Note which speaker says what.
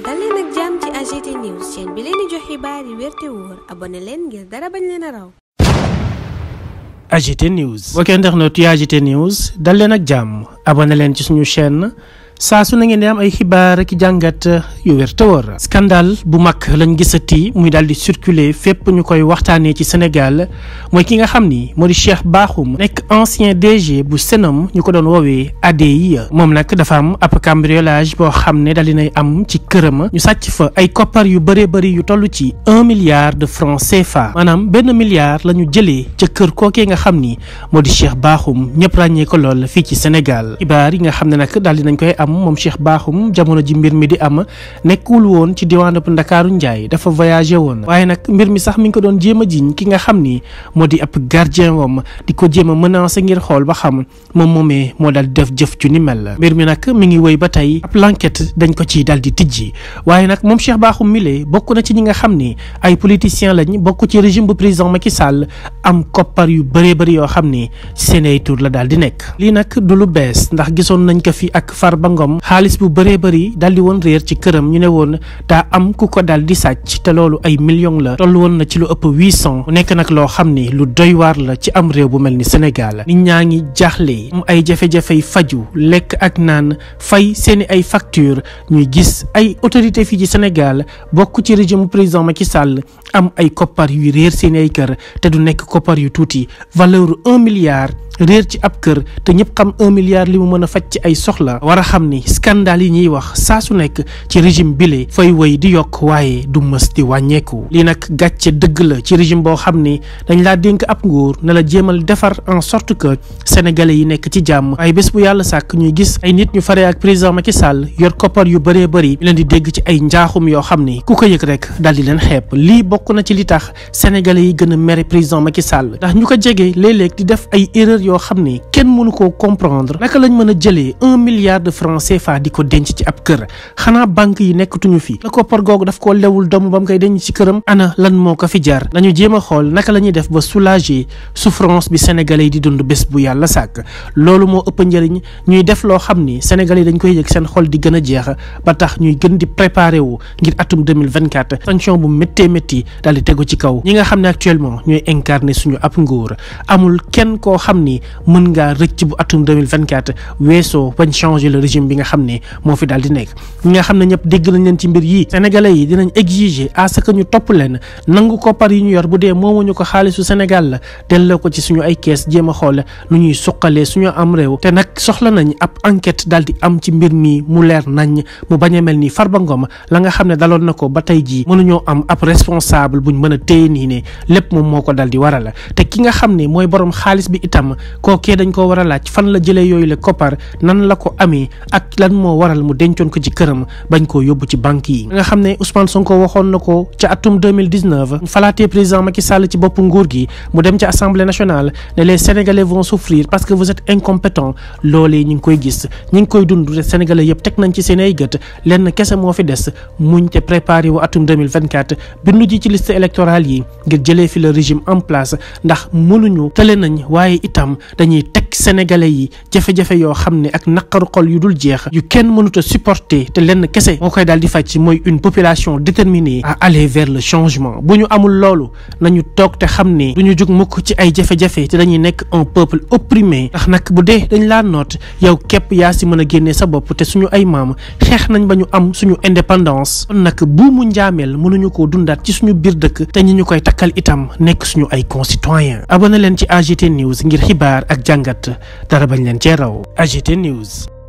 Speaker 1: dal leen ak jàmm ci AGT news chaîne bi leen di jox xibaar yi wér te wóor dara bañ leen a raw. AGT news. mbokk internet yi AGT news dal leen ak jàmm abonné leen ci suñu chaîne. saa su na ngeen di am ay xibaar ak jàngat uh, yu wér te wóor scandale bu mag lañ gisati muy daal di circuler fépp ñu koy waxtaanee ci Sénégal mooy ki nga xam ni moo di Cheikh Bakhoum nekk ancien DG bu Sen'Eau ñu ko doon woowee ADIE moom nag dafa am ab cambriolage boo xam ne daal di nay am ci këram ñu sàcc fa ay koppar yu bëree bëri yu toll ci un milliard de francs CFA maanaam benn milliard la ñu jëlee ca kër kookee nga xam ni moo di Cheikh Bakhoum ñëpp ràññee ko lool fii ci Sénégal xibaar yi nga xam ne nag daal nañ koy am itam moom Cheikh Bakhoum jamono ji mbir mi di am nekkul woon ci diwaanub Ndakaaru Njaay dafa voyagé woon waaye nag mbir mi sax mi ngi ko doon jéem a jiñ ki nga xam ni moo di ab gardien wam di ko jéem a menacé ngir xool ba xam moom moomee moo daal di def jëf ju ni mel la mbir mi nag mi ngi woy ba tey ab enquête dañ ko ci dal di tijji waaye nag moom Cheikh Bakhoum mile bokk na ci ñi nga xam ni ay politiciens lañ bokk ci régime bu président Macky Sall am koppar yu bëree bëri yoo xam ni seen ay tur la daal di nekk lii nag du lu bees ndax gisoon nañ ko fi ak Farba Ngom xaalis bu bëree bëri daal di woon réer ci këram ñu ne woon daa am ku ko daal di sàcc te loolu ay million la toll woon na ci lu ëpp huit cent nekk nag loo xam ni lu doy waar la ci am réew bu mel ni Sénégal nit ñaa ngi jaaxle mu ay jafe-jafey faju lekk ak naan fay seeni ay facture ñuy gis ay autorité fii ci senegal bokk ci régime président Macky Sall am ay koppar yuy réer seen ay kër te du nekk koppar yu tuuti valeur un milliard réer ci ab kër te ñëpp xam un milliard li mu mën a faj ci ay soxla war a xam ni scandale yi ñuy wax saa su nekk ci régime bile fay woy di yokk waaye du mës di wàññeeku lii nag gàcce dëgg la ci régime boo xam ni dañ laa dénk ab nguur na la jéemal defar en sorte que sénégalais yi nekk ci jàmm ay bés bu yàlla sàkk ñuy gis ay nit ñu faree ak président Macky Sall yor koppar yu bëree bëri ñu di dégg ci ay njaaxum yoo xam ni bokk na ci li tax sénégalais yi gën a mere président Macky Sall ndax ñu ko jege léeg-léeg di def ay erreur yoo xam ne kenn mënu koo comprendre naka lañ mën a jëlee un milliard de francs CFA di ko denc ci ab kër xanaa banque yi nekkatuñu fi la koppar googu daf koo lewul doom ba mu koy denc ci këram ana lan moo ko fi jar nañu jéem a xool naka la def ba soulager souffrance bi sénégalais yi di dund bés bu yàlla sàkk loolu moo ëpp njëriñ ñuy def loo xam ni sénégalais yi dañ koy yëg seen xol di gën a jeex ba tax ñuy gën di préparer wu ngir atum 2024 sanction bu méttee métti daal di tegu ci kaw ñi nga xam ne actuellement ñooy incarné suñu ab nguur amul kenn koo xam ni mën ngaa rëcc bu atum 2024 weesoo bañ changer le régime bi nga xam ne moo fi daal di nekk ñi nga xam ne ñëpp dégg nañ leen ci mbir yi sénégalais yi dinañ exiger à ce que ñu topp leen nangu koppar yi ñu yor bu dee ñu ko xaalisu Sénégal la delloo ko ci suñu ay kees jéem a xool nu ñuy suqalee suñu am réew te nag soxla nañ ab enquête daal di am ci mbir mi mu leer nañ mu bañ a mel ni Farba Ngom la nga xam responsable buñ mën a nii ne lépp moom moo ko dal di war la te ki nga xam ne mooy borom xaalis bi itam kookee dañ ko war a laaj fan la jëlee yooyu la koppar nan la ko amee ak lan moo waral mu dencoon ko ci këram bañ koo yóbbu ci banque yi nga xam ne Ousmane Sonko waxoon na ko ca atum falaatee président Macky Sall ci bopp nguur gi mu dem ci assemblée nationale ne les sénégalais vont souffrir parce que vous êtes incompétents loolee ñu ngi koy gis ñu ngi koy dund liste électorale yi ngir jëlee fi le régime en place ndax mënuñu tële nañ waaye itam dañuy teg sénégalais yi jafe-jafe yoo xam ne ak naqaru xol yu dul jeex yu kenn mënut a supporter te lenn kese moo koy daal di faj mooy une population déterminée à aller vers le changement bu ñu amul loolu nañu toog te xam ne du ñu jug mukk ci ay jafe-jafe te dañuy nekk un peuple opprimé ndax nag bu dee dañu laa noot yow képp yaa si mën a génnee sa bopp te suñu ay maam xeex nañ ba ñu am suñu indépendance kon nag buumu njaameel mënuñu ko dundaat ci suñu biir dëkk te ñi ñu koy takkal itam nekk suñu ay concitoyens abonné leen ci AGT News ngir xibaar ak jàngat dara bañ leen cee raw AGT News